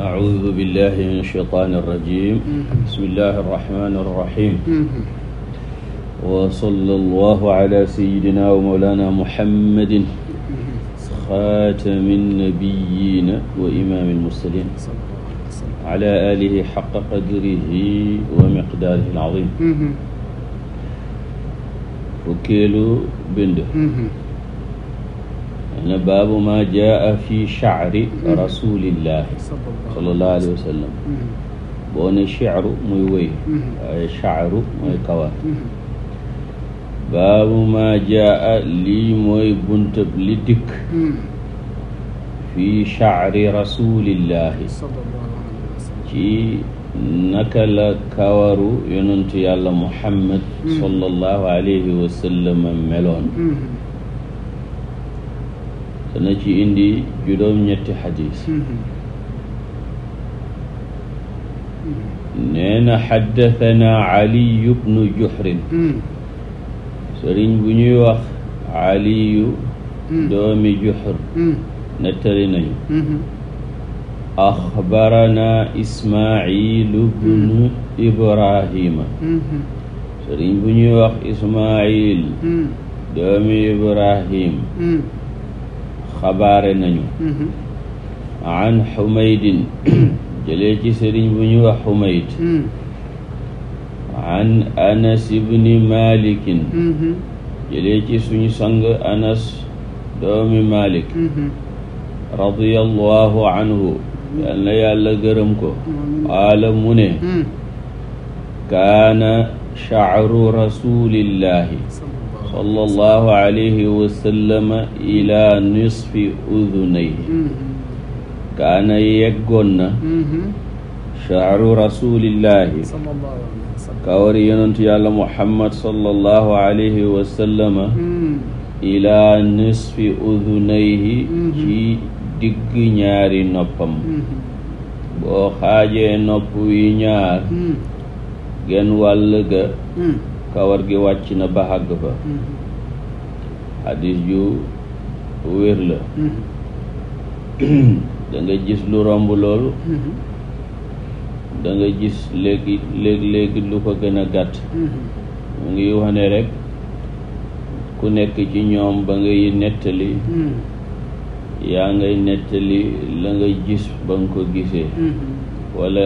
أعوذ بالله من الشيطان الرجيم بسم الله الرحمن الرحيم وصلى الله على سيدنا ومولانا محمد خاتم النبيين وإمام المرسلين على آله حق قدره ومقداره العظيم fukkeelu bind ne baabu ma jaa fi chacri rasulillahi sallallahu alayhi wa sallam boo ne chicru muy wëy waaye chacru mooy kawar baabu ma jaa lii mooy buntab li dikk fi chacri rasulillahi ci naka la kawaru yonentu yàlla muhammad sallallahu alayhi wa sallam meloon dana ci indi juróom-ñetti xadis hmm. nee na xaddathana caliyu bnu juxrin hmm. sëriñ bu ñuy wax caliyu hmm. doomi juxr nettali nañu axbarana ismailu bnu ibrahima sëriñ bu ñuy wax ismail doomi ibrahim xabaare nañu an xumaydin jëlee ci sëriñ bu ñu wax xumayd an anas ibni malikin jëlee ci suñu sang anas doomi malik radiyallahu anhu yal na yàlla gërëm ko qaala mu ne mm. kaana sha'ru rasulillahi sallallahu alayhi wa sallama ila nisfi udunay mm-hmm. kaana yeggoon na mm-hmm. shaaru rasulillahi kawari yonentu yàlla muhammad sallallahu alayhi wa sallama mm-hmm. ila nisfi udunayhi ci digg ñaari noppam boo xaajee nopp yi ñaar mm. genn wàll ga mm. kawar gi wàcc na ba àgg fa xadis mm-hmm. ju wér la mm-hmm. da gis lu romb loolu mm-hmm. da gis léegi léegi lu ko gën a gàtt mu ngi wane rekk ku nekk ci ñoom ba ngay nettali yaa ngay nettali la nga gis ba nga ko gisee wala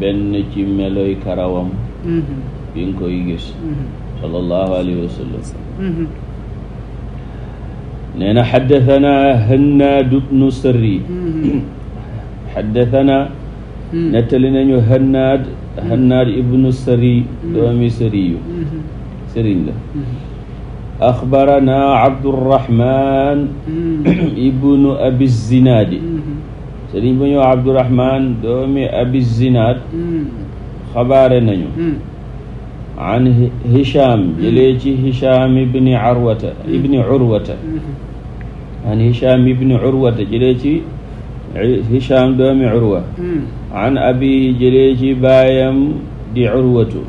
benn ci meloy karawam bi nga koy gis mm-hmm. sallallahu alayhi wa sallam mm-hmm. nee na xaddatanaa hannaadu bnu sërri xaddatanaa mm-hmm. nettali nañu hannaad hannaad ibnu sërri doomi sëriyu sëriñ la axbaranaa abdurahman ibnu abi zinaadi sëriñ bu ñëw abdurahman doomi abi zinaad xabaare nañu an Hicham jëlee ci Hicham ibni Arwata ibni Urwata an Hicham ibni Urwata jëlee ci Hicham doomi Urwa an abi jëlee ci baayam di Urwatu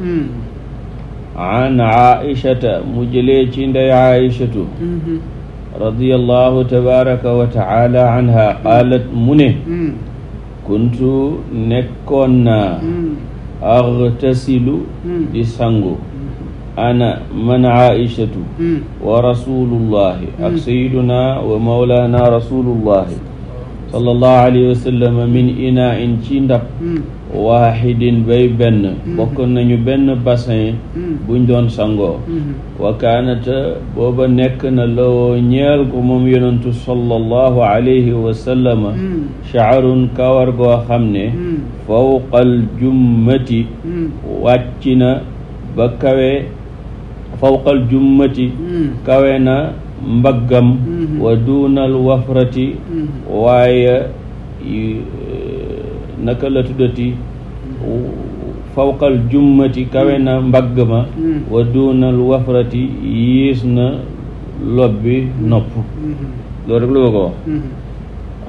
an Aishata mu jëlee ci ndey Aishatu radiyallahu tabaraka wa taala anha qaalat mu ne kuntu nekkoon naa agtasilu di sangu ana man aishatu wa rasulullahi ak sayiduna wa maulana rasulullahi sallallahu alayhi wa sallam min ina in ci ndab hmm. waaxidin bay benn hmm. bokkoon nañu benn bassin hmm. buñ doon sangoo wa kaanata booba nekk na lawoo ñeel ko moom yonentu sallallahu alayhi wa sallama chaarun kawar goo xam ne fawqal jummati wàcc na ba kawe fawqal jummati kawe na mbaggam mhm. wa duunal wafrati mhm. waaye e, naka la tuddati fawqal jummati kawe na mhm. mbagg ma wa duunal wafrati yiis na lobbi nopp loolu rek la ko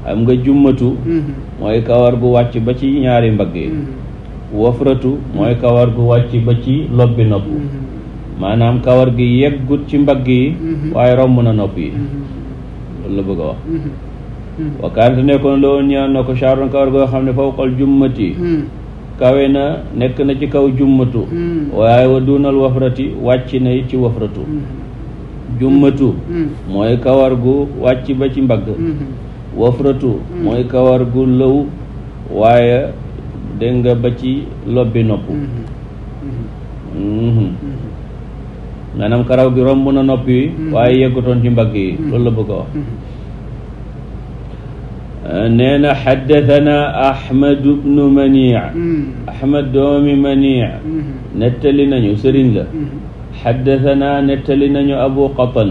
wax nga jumatu mooy kawar gu wàcc ba ci ñaari mbagg yi wafratu mooy kawar gu wàcc ba ci lobbi nopp maanaam kawar gi yeggut ci mbag yi mm-hmm. waaye romb na nopp yi mm-hmm. loolu la bëgg a wax mm-hmm. wakkaante nekkoon loolu ñaan na ko charon kawar goo xam ne fawqal jummati kawe na nekk na ci kaw jummatu waaye wa duunal wafrati wàcc na ci wafratu jummatu mooy kawar gu wàcc ba ci mbagg wafratu mooy kawar gu lëw waaye dégg nga ba ci lobbi nopp maanaam karaw gi romb na nopp yi mm-hmm. waaye yeggutoon ci mbagg yi mm-hmm. loolu la bëgg a wax mm-hmm. eh, na xaddatana ahmad bnu mani ahmad doomi mani nettali nañu sëriñ la xaddatana nettali nañu abu qatan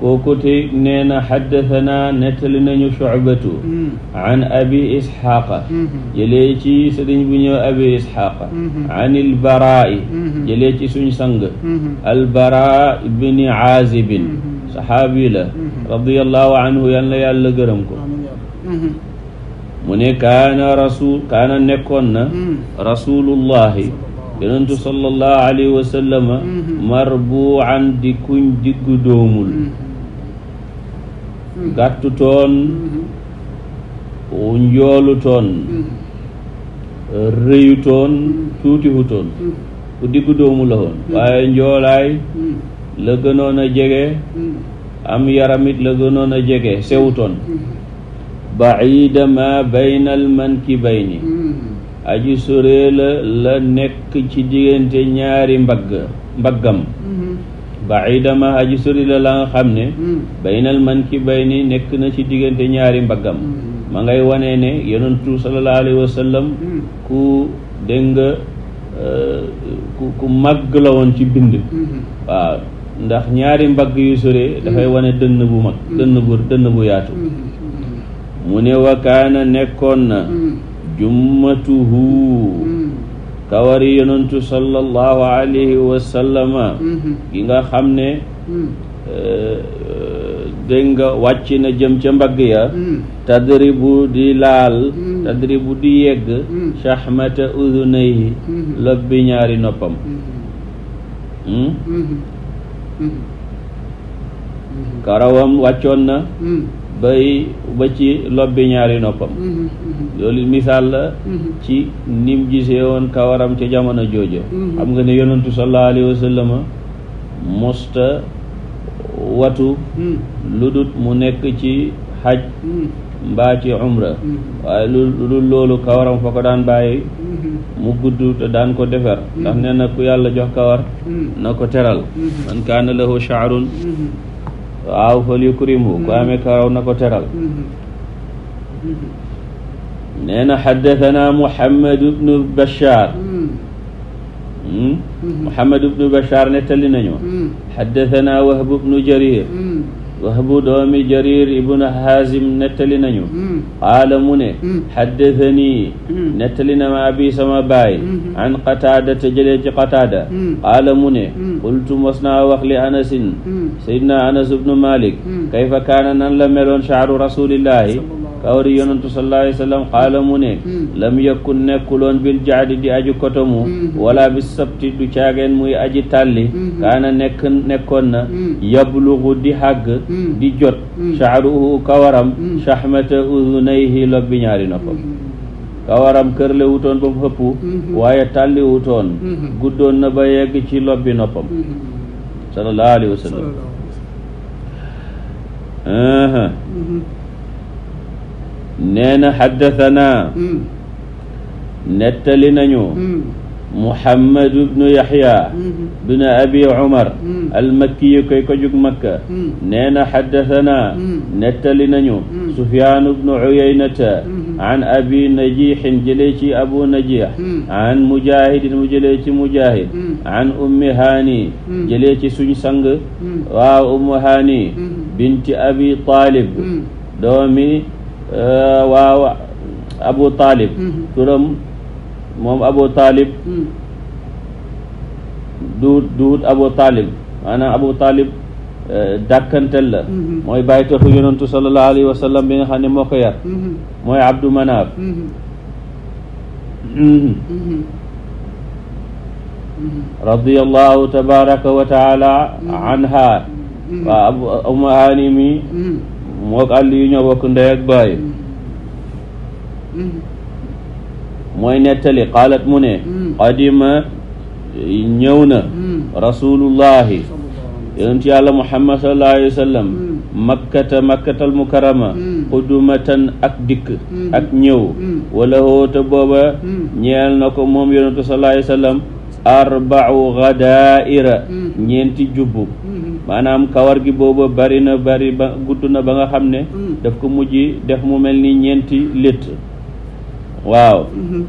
kooku te nee na xaddatanaa nettali nañu shucbatu mm. an abi isxaaqa mm-hmm. jëlee ci sëriñ bu ñëw abi isxaaqa mm-hmm. an ilbaraai mm-hmm. jëlee ci suñ sang albara bni aazibin saxaabi la radiallahu anhu yal na yàlla gërëm ko mu ne kaana rasul kaana nekkoon na mm. rasulullahi yonentu sallallahu alayhi wa sallama mm-hmm. marbuan di kuñ diggu doomul mm-hmm. gàttu toon mm-hmm. njoolu toon rëyu ku diggu doomu la waaye njoolaay la gënoon a jege am yaramit la gënoon a jege sewutoon baida ma bayna al mankibayni aji soree la la nekk ci diggante ñaari mbagg mbaggam mm-hmm. baidama aji sori la la nga xam ne mm-hmm. baynal man ki bay ni nekk na ci diggante ñaari mbaggam mm-hmm. ma ngay wane ne yonentu sallallahu alayhi wa sallam ku dégg nga euh, ku ku màgg la woon ci bind waaw ndax ñaari mbagg yu soree dafay wane dënn bu mag dënn bu dënn bu yaatu mu ne wa nekkoon na jummatuhu mm. kawari yonantu sallallahu alayhi wa mm-hmm. gi nga xam ne mm. eh, dégg nga wàcc na jëm ca mbagg ya mm. tadribu di laal tadribu di yegg shahmata udunayhi mm-hmm. lobbi ñaari noppam mm-hmm. Hmm? karawam wàccoon na bay ba ci lobbi ñaari noppam mm-hmm, mm-hmm. loolu misaal la mm-hmm. ci nim gisee woon kawaram ca jamono joojo xam nga ne yonantu sallallahu alayhi wa watu mm. lu dut mu nekk ci xaj mm. mbaa ci umra waaye lu dul loolu kawaram fa ko daan bàyyi mu gudd te daan ko defar ndax nee ku yàlla jox kawar mm. na ko teral man kaana lahu shaarun waaw fal yukrimu mm-hmm. ku amee karaw na ko teral nee na xaddathana mm-hmm. Muhammad ibnu Bachar Muhammad ibnu Bachar nettali nañu xaddathana Wahb ibnu Jarir mm-hmm. wahbu doomi jarir ibnu haazim nettali nañu hmm. qaala mu ne xaddatanii hmm. hmm. nettali na ma abi sama baay an qataada te jëlee ci qataada qaala mu ne qultu mos naa wax li anasin sayidna anas ibnu malik kayfa kaana nan la meloon shaaru rasulillahi kawri yonantu sallallahu alayhi wa qaala mu ne hmm. lam yakun nekkuloon bil jaadi di aju kotomu hmm. hmm. wala bi sabti du caageen muy aji tàlli kaana nekk nekkoon na yablugu di xàgg di jot shaaruhu kawaram shahmata udunayhi lobbi ñaari noppam kawaram kërle wutoon ba waaye tàlli wutoon guddoon na ba yegg ci lobbi noppam sallallahu alayhi wa nee na xaddatanaa hmm. nettali nañu hmm. muhammadu bnu yaxya hmm. bnu abi umar almakki yu koy ko jug makka nee na xaddatanaa nettali nañu sufyaanu bnu uyaynata an abi najiixin jëlee ci abu najiix an mujaahidin mu jëlee ci mujaahid an ummi haani jëlee ci suñ sang waaw ummu haani binti abi taalib doomi Euh, waaw abu taalib mm-hmm. turam moom abu taalib mm. duut duut abu taalib maanaam abu taalib euh, dàkkantel la mm-hmm. mooy bàyyi taxu yonentu sallallahu alayhi wa sallam bi nga xam ne moo ko yar mm-hmm. mooy abdu manaaf radiyallahu tabaraka wa taala anha waa abu umu haani mi mook àll yu baay mm. Mm. mooy nettali qaalat mu ne mm. qadima ñëw na rasulullahi yonent yàlla muhammad sallallahu alayhi wa sallam makkata makkatal qudumatan ak dikk ak ñëw wala hoota booba ñeel na ko moom yonentu sallallahu alayhi wa sallam arbau ñeenti jubbu maanaam kawar gi booba bari na bari ba gudd na ba nga xam ne mm. daf ko mujj def mu mel ni ñeenti létt waaw mm-hmm.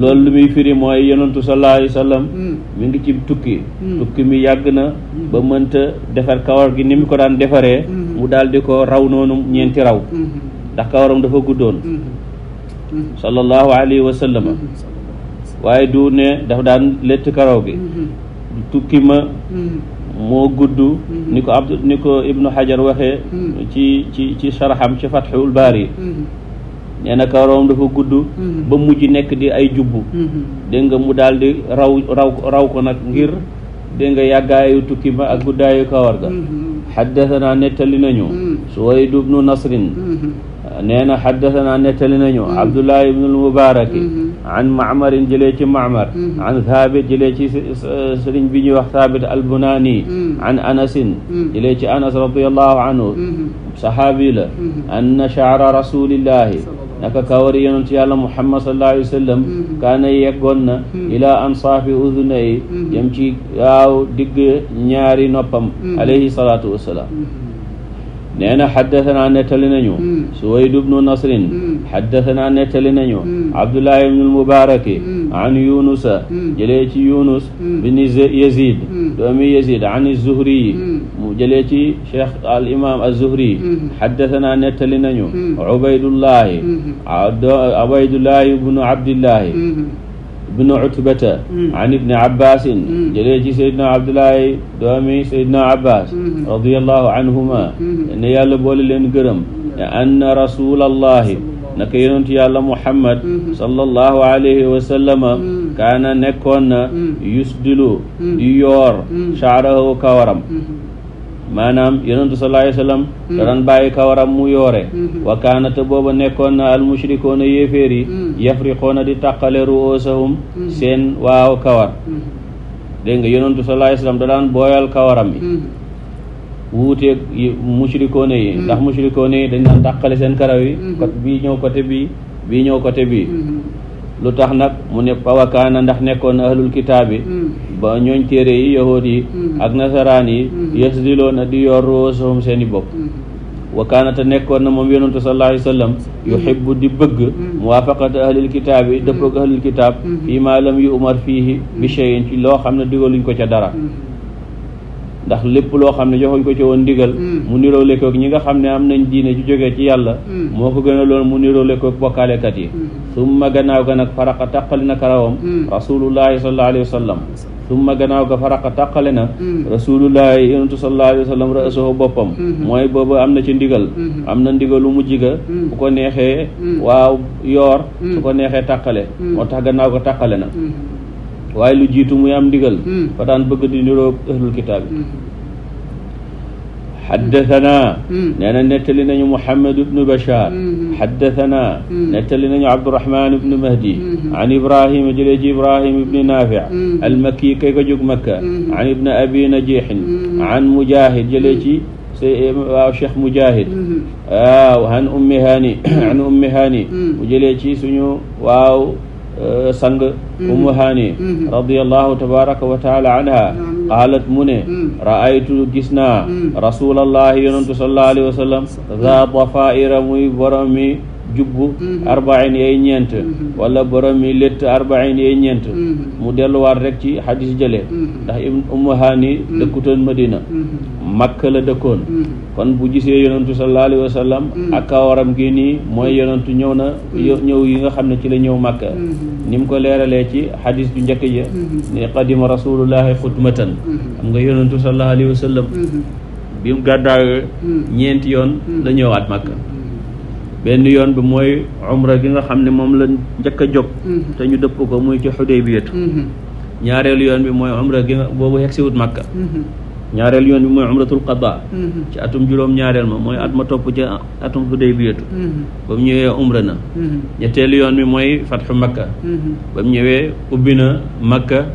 loolu lu muy firi mooy yonantu sallallahu alayhi mm. mi ngi ci tukki mm. tukki mi yàgg na ba mënta defar kawar gi ni mu ko daan defaree mm-hmm. mu daldi ko raw noonu ñeenti raw mm-hmm. ndax kawaram dafa guddoon sallallahu alayhi wasallam waaye du ne dafa daan létt karaw gi tukki ma moo gudd mm-hmm. ni ko abdu ni ko ibnu xajar waxe mm-hmm. ci ci ci sharxam ci fatxul baari mm-hmm. nee na kawaraam dafa gudd ba mujj nekk di ay jubbu dégg nga mu daal raw raw raw ko nag ngir dégg nga yàggaayu tukki ba ak guddaayu kawar ga xaddasanaa mm-hmm. nettali nañu mm-hmm. suwayd ibnu nasrin mm-hmm. nee na xaddasanaa nettali nañu abdullahi ibnu almubaaraki an maamarin jëlee ci maamar an thaabit jëlee ci sëriñ bi ñuy wax thaabit albunaani an anasin jëlee ci anas radiallahu anhu sahaabi la anna shaara rasulillahi naka kawar yonent yàlla muhammad sallallahu alayhi wa sallam mm-hmm. kaana yeggoon na mm-hmm. ilaa ansaafi uduna yi mm-hmm. jëm ci waaw digg ñaari noppam alayhi salaatu wassalaam nee na xaddatanaa nettali nañu suwayd ibnu nasrin xaddatanaa nettali nañu abdullahi ibnu lmubaaraki an yunusa jëlee ci yunus bin yazid doomi yazid an zuhri yi mu jëlee ci cheikh al imam az-Zuhri xaddasanaa mm-hmm. nettali nañu mm-hmm. ubaydullahi mm-hmm. ubaydullahi ibnu abdillahi ibnu utbata an ibni abbasin jëlee ci saydna abdullahi doomi saydna abbas radiallahu anhuma ne yàlla boole leen gërëm ne anna rasulallahi naka yonentu yàlla muhammad sallallahu alayhi wa sallama kaana nekkoon na yusdilu di yoor shaarahu kawaram maanaam yonentu sallallahu alayhi wa sallam mm. da daan bàyyi kawaram mu yoore mm-hmm. wa kaanate booba nekkoon na almushrikoona yéeféer yi mm. yafriqoona di tàqale ruusahum mm. seen waaw kawar mm-hmm. dégg nga yonentu sallallahu alayhi wa sallam da daan booyal kawaram yi mm-hmm. wuuteeg mushrikoona yi ndax mushrikoona yi dañ daan tàqale seen karaw yi côté bii ñëw côté bii bii ñëw côté bii lu tax nag mu ne pawakaana ndax nekkoon ahlul kitaabi mm. ba ñooñ téere yi yahood yi mm. ak nasaraan yi mm. yasdiloona di yor ruusahum seeni bopp wa kaanata nekkoon na moom yonentu sallallahu alayhi wa sallam di bëgg muwaafaqata ahlil kitaab yi dëppog ahlil kitaab fii maa yu umar fiihi bi shay'in ci loo xam ne digaluñ ko ca dara ndax lépp loo xam ne joxuñ ko ci woon ndigal hmm. mu niroo lekkoog ñi nga xam ne am nañ diine ju jógee ci yàlla hmm. moo ko gën a loon mu niroo lekkoog bokkaalekat yi hmm. summa gannaaw ga nag faraqa tàqali na karawam rasulullahi sallallahu alayhi wa sallam summa gannaaw ga faraqa takkale na rasulullahi yonentu sallallahu alayhi wa sallam ra'sahu boppam mooy boobu am na ci ndigal am na ndigalu mujj ga bu ko neexee waaw yoor su ko neexee tàqale moo tax gannaaw ga tàqale na waaye lu jiitu muy am ndigal hmm. fa daan bëgg di niroo ahlul kitaab yi xaddatanaa hmm. hmm. nee na nettali nañu Muhammad ibnu Bachar xaddatanaa nettali nañu Abdurahman ibnu Mahdi an Ibrahima jëlee ci Ibrahima ibni Naafic almakki kay ko jóg Makka an ibni abi Najiixin an Mujahid jëlee ci waaw Cheikh Mujahid waaw an ummi Haani an ummi Haani mu jëlee ci suñu waaw euh, sang Mm-hmm. umu hani mm-hmm. radiallahu tabaraka wa taala anha qaalat mu ne mm. raaytu gis naa mm. rasulallahi yonantu sallallahu alayhi wa sallam za dafaira muy boromi jubbu mm-hmm. arbain yay ñeent mm-hmm. wala borom yi létt arbain yay ñeent mm-hmm. mu delluwaat rek ci xadis jëlee ndax ibn ummu haani dëkkutoon madina makka la dëkkoon kon bu gisee yonentu sallallahu alayhi wa sallam ak kawaram gi nii mooy yonentu ñëw na ñëw yi nga xam ne ci la ñëw makka ni mu ko leeralee ci xadis ju njëkk ja ne qadima rasulullahi xutmatan xam nga yonentu sallallahu alayhi wa sallam bi mu gàddaawee ñeenti yoon la ñëwaat makka benn yoon bi mooy umra gi nga xam ne moom la njëkk a jóg mm-hmm. te ñu dëpp ko muy ci Xudaybiyatu mm-hmm. ñaareelu yoon bi mooy umra gi nga boobu yegg siwut Makka mm-hmm. ñaareel yoon bi mooy umratul qada ci atum juróom ñaareel atum Xudaybiyatu ba mu ñëwee na ñetteelu yoon bi mooy fatxu Makka ba mu ñëwee ubbi na Makka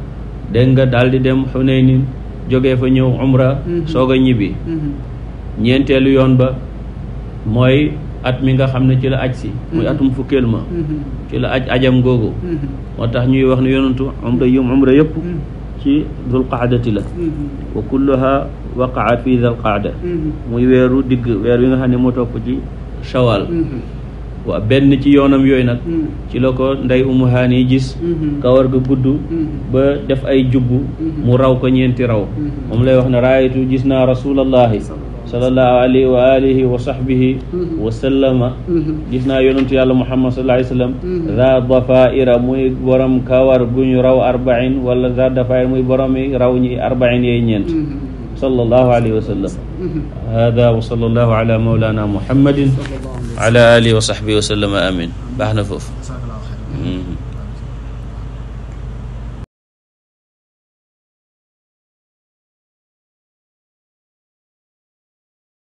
dégg nga daal dem Xunaynin jógee fa ñëw umra soog a ñibbi ñeenteelu yoon ba mooy at mi nga xam ne ci la aj si muy mm-hmm. atum fukkeel ma mm-hmm. ci la aj ajam googu mm-hmm. moo tax ñuy wax ne yonantu umra yum umra yëpp ci dul qaadati la wa kulluha waqaa fi xam ne moo ci yoonam yooyu nag ci la ko ndey umu haani gis kawar ga gudd ba def ay jubbu mu raw ko ñeenti raw moom lay wax ne raayatu gis naa rasulallahi sallallahu alayhi wa alihi wa sahbihi mm-hmm. wa sallama mm-hmm. gis naa yonentu yàlla muhammad sallallahu alayhi wa sallam mm-hmm. za dafaira muy borom kawar gu ñu raw arbain wala za dafaira muy boromi raw ñi arbain yey ñeent sallallahu alayhi wa sallam hada wa sallallahu ala mawlana muhammadin ala alihi wa sahbihi wa sallama amin baax na foofu